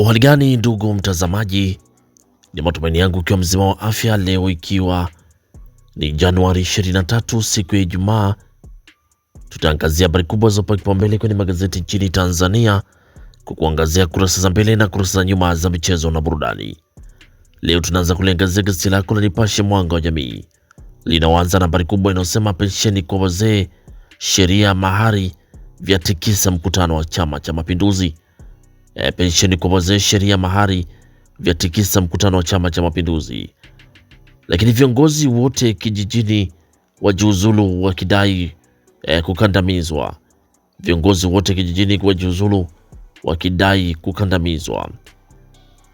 uhaligani ndugu mtazamaji, ni matumaini yangu ukiwa mzima wa afya leo, ikiwa ni Januari 23 siku ya Ijumaa. Tutaangazia habari kubwa zopa kipaumbele kwenye magazeti nchini Tanzania kwa kuangazia kurasa za mbele na kurasa za nyuma za michezo na burudani. Leo tunaanza kuliangazia gazeti lako la Nipashe Mwanga wa Jamii linaoanza na habari kubwa inayosema pensheni kwa wazee, sheria mahari vyatikisa mkutano wa Chama cha Mapinduzi e, pensheni kwa wazee, sheria mahari vya tikisa mkutano wa Chama cha Mapinduzi. Lakini viongozi wote kijijini wajiuzulu wakidai e, kukandamizwa. Viongozi wote kijijini wajiuzulu wakidai kukandamizwa.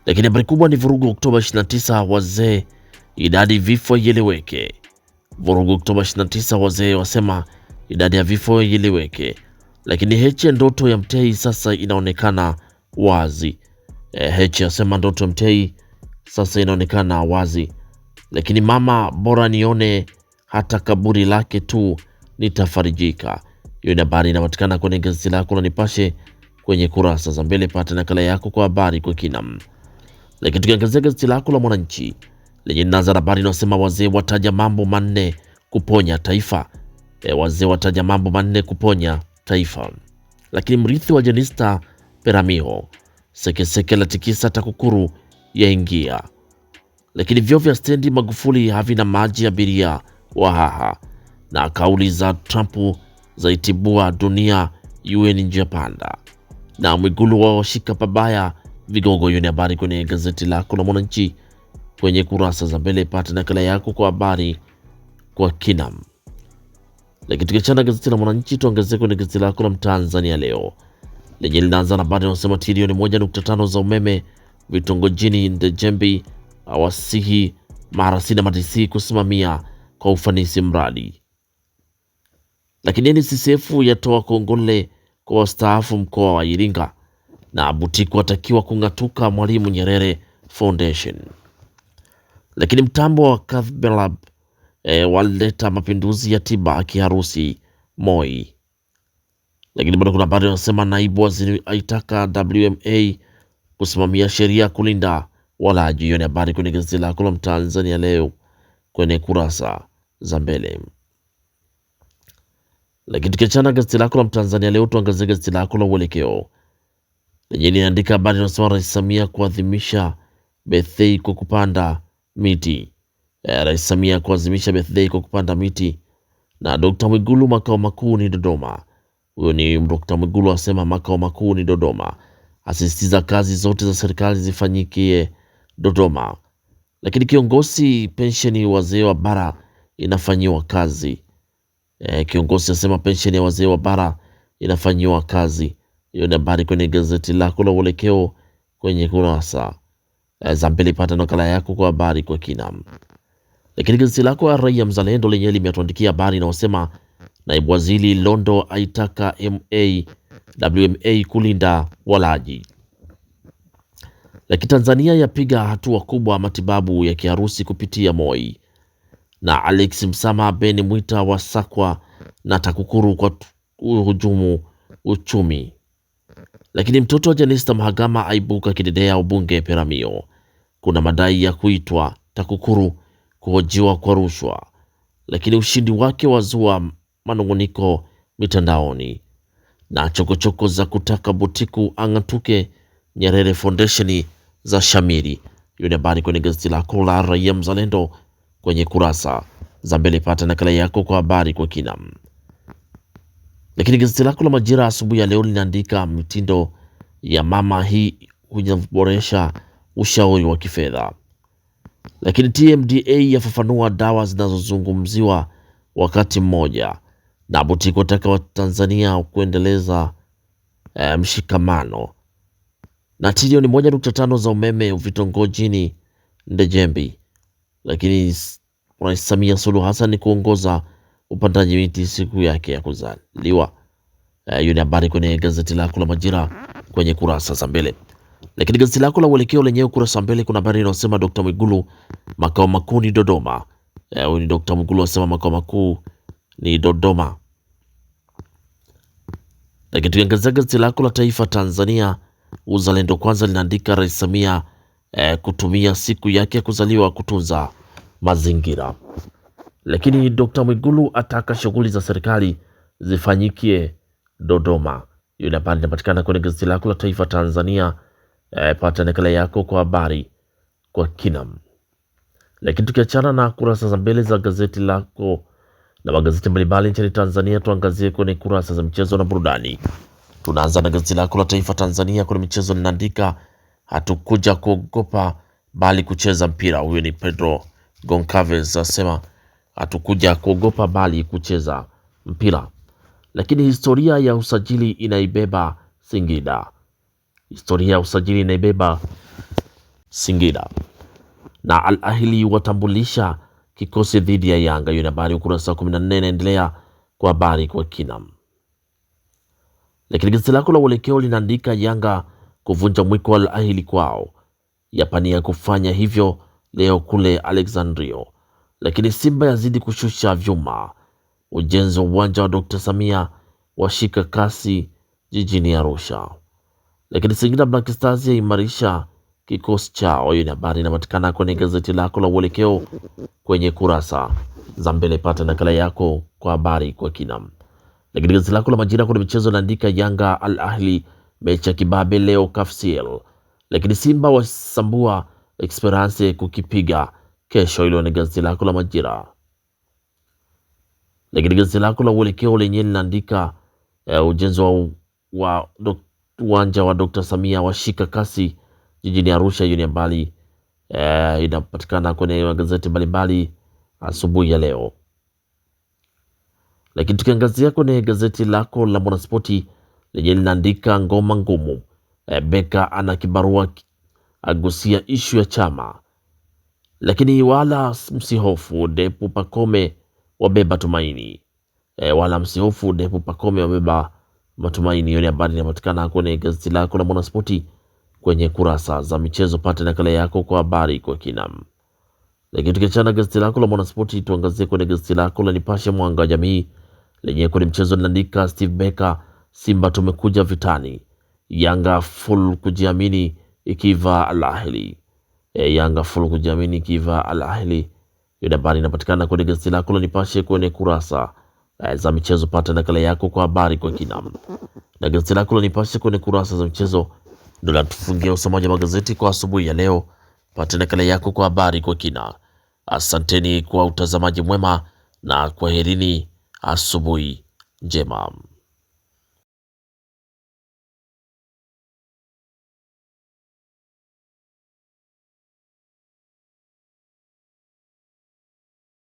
Lakini habari kubwa ni vurugu Oktoba 29, wazee idadi vifo ieleweke. Vurugu Oktoba 29, wazee wasema idadi ya vifo ieleweke. Lakini heche ndoto ya Mtei sasa inaonekana wazi. Eh, Heche asema Ndoto Mtei sasa inaonekana wazi, lakini mama, bora nione hata kaburi lake tu nitafarijika. Hiyo ni habari inapatikana kwenye gazeti lako la Nipashe kwenye kurasa za mbele. Pata nakala yako kwa habari kwa kina. Lakini tukiangazia gazeti lako la Mwananchi lenye naza habari inayosema wazee wataja mambo manne kuponya taifa. E, wazee wataja mambo manne kuponya taifa. Lakini mrithi wa Jenista Peramio. Sekeseke la tikisa TAKUKURU yaingia, lakini vyoo vya stendi Magufuli havina maji abiria haha na kauli za Trump zaitibua dunia iwe ni njia panda, na Mwigulu wawashika pabaya vigogo. Hiyo ni habari kwenye gazeti lako la Mwananchi kwenye kurasa za mbele, pata nakala yako kwa habari kwa kinam. Lakini gazeti la Mwananchi, tuangazie kwenye gazeti lako la Mtanzania leo lenye linaanza na bada wanasema trilioni moja nukta tano za umeme vitongojini Ndejembi, awasihi marasi na MTC kusimamia kwa ufanisi mradi. Lakini NCCF yatoa kongole kwa wastaafu mkoa wa Iringa na Butiku watakiwa kung'atuka Mwalimu Nyerere Foundation. Lakini mtambo wa Cathedral e, eh, waleta mapinduzi ya tiba kiharusi Moi. Lakini bado kuna habari wanasema, naibu waziri aitaka WMA kusimamia sheria kulinda walaji. Hiyo ni habari kwenye gazeti lako la Mtanzania leo kwenye kurasa za mbele. Lakini tukiachana gazeti lako la Mtanzania leo, tuangazie gazeti lako la Uelekeo lenye linaandika habari inasema Rais Samia kuadhimisha birthday kwa kupanda miti. E, Rais Samia kuadhimisha birthday kwa kupanda miti na Dr. Mwigulu makao makuu ni Dodoma. Huyo ni Dr. Mwigulu asema makao makuu ni Dodoma, asisitiza kazi zote za serikali zifanyikie Dodoma. Lakini kiongozi, pensheni wazee wa bara inafanyiwa kazi. E, kiongozi asema pensheni ya wazee wa bara inafanyiwa kazi. Hiyo ni habari kwenye gazeti lako la Uelekeo kwenye kurasa e, za mbele. Pata nakala yako kwa habari kwa kina. Lakini gazeti lako ya Raia Mzalendo lenyewe limetuandikia habari inayosema Naibu waziri Londo aitaka MA, WMA kulinda walaji. Lakini Tanzania yapiga hatua kubwa matibabu ya kiharusi kupitia MOI na Alex Msama Ben Mwita wasakwa na TAKUKURU kwa uhujumu uchumi. Lakini mtoto wa Janista Mhagama aibuka kidedea ubunge Peramio. Kuna madai ya kuitwa TAKUKURU kuhojiwa kwa rushwa, lakini ushindi wake wazua manunguniko mitandaoni na chokochoko za kutaka Butiku ang'atuke, Nyerere Foundation za shamiri. Hiyo ni habari kwenye gazeti lako la Raia Mzalendo kwenye kurasa za mbele. Pata nakala yako kwa habari kwa kina. Lakini gazeti lako la Majira asubuhi ya leo linaandika mitindo ya mama hii hujaboresha ushauri wa kifedha. Lakini TMDA yafafanua dawa zinazozungumziwa wakati mmoja na buti kutaka Watanzania kuendeleza e, mshikamano. Na trilioni moja nukta tano za umeme vitongojini Ndejembi, lakini Rais Samia Suluhu Hassan kuongoza upandaji miti siku yake ya kuzaliwa. Eh, hiyo e, ni habari kwenye gazeti lako la Majira kwenye kurasa za mbele. Lakini gazeti lako la Uelekeo lenyewe kurasa mbele kuna habari inayosema Dr. Mwigulu makao makuu ni Dodoma. Eh, huyu e, ni Dr. Mwigulu asema makao makuu ni Dodoma. Lakini tukiangazia gazeti lako la Taifa Tanzania Uzalendo Kwanza linaandika Rais Samia eh, kutumia siku yake ya kuzaliwa kutunza mazingira. Lakini Dr. Mwigulu ataka shughuli za serikali zifanyikie Dodoma. Hiyo ni habari inapatikana kwenye gazeti lako la Taifa Tanzania. Eh, pata nakala yako kwa habari kwa kinam. Lakini tukiachana na kurasa za mbele za gazeti lako na magazeti mbalimbali nchini Tanzania. Tuangazie kwenye kurasa za michezo na burudani. Tunaanza na gazeti lako la Taifa Tanzania. Kwenye michezo linaandika hatukuja kuogopa bali kucheza mpira. Huyu ni Pedro Goncalves asema hatukuja kuogopa bali kucheza mpira. Lakini historia ya usajili inaibeba Singida, historia ya usajili inaibeba Singida na Al Ahli watambulisha kikosi dhidi ya Yanga. Hiyo ni habari ukurasa wa 14 inaendelea kwa habari kwa kina. Lakini gazeti lako la Uelekeo linaandika Yanga kuvunja mwiko wa Al kwao, yapania kufanya hivyo leo kule Alexandria. Lakini Simba yazidi kushusha vyuma, ujenzi wa uwanja wa Dr. Samia washika kasi jijini Arusha. Lakini Singida Black Stars yaimarisha kikosi chao. Hiyo ni habari inapatikana kwenye gazeti lako la Uelekeo kwenye kurasa za mbele. Pata nakala yako kwa habari kwa kina. Lakini gazeti lako la Majira kwenye michezo naandika Yanga Al Ahli mechi ya kibabe leo Kafsiel, lakini Simba wasambua Esperance kukipiga kesho. Hilo ni gazeti lako la Majira. Lakini gazeti lako la Uelekeo lenye linaandika uh, ujenzi wa uwanja wa, wa Dr Samia washika kasi jijini Arusha. Hiyo ni habari eh, inapatikana kwenye magazeti mbalimbali asubuhi ya leo. Lakini tukiangazia kwenye gazeti lako la Mwanaspoti lenye linaandika ngoma ngumu, eh, Beka ana kibarua agusia ishu ya chama, lakini wala msihofu Depu Pakome wabeba tumaini. E, wala msihofu Depu Pakome wabeba matumaini. Hiyo ni habari inapatikana kwenye gazeti lako la Mwanaspoti kwenye kurasa za michezo. Pata nakala yako kwa habari kwa kina. Lakini tukiachana gazeti lako la Mwanaspoti, tuangazie kwenye gazeti lako la Nipashe Mwanga wa Jamii lenye kwenye mchezo linaandika Steve Barker, Simba tumekuja vitani, Yanga full kujiamini ikiva Al E, Yanga full kujiamini ikiva Al Ahly. Hiyo habari inapatikana kwenye gazeti lako la Nipashe kwenye kurasa e, za michezo. Pata nakala yako kwa habari kwa kina. Na gazeti lako la Nipashe kwenye kurasa za michezo Ndo linatufungia usomaji wa magazeti kwa asubuhi ya leo. pate nakala yako kwa habari kwa kina. Asanteni kwa utazamaji mwema na kwaherini, asubuhi njema.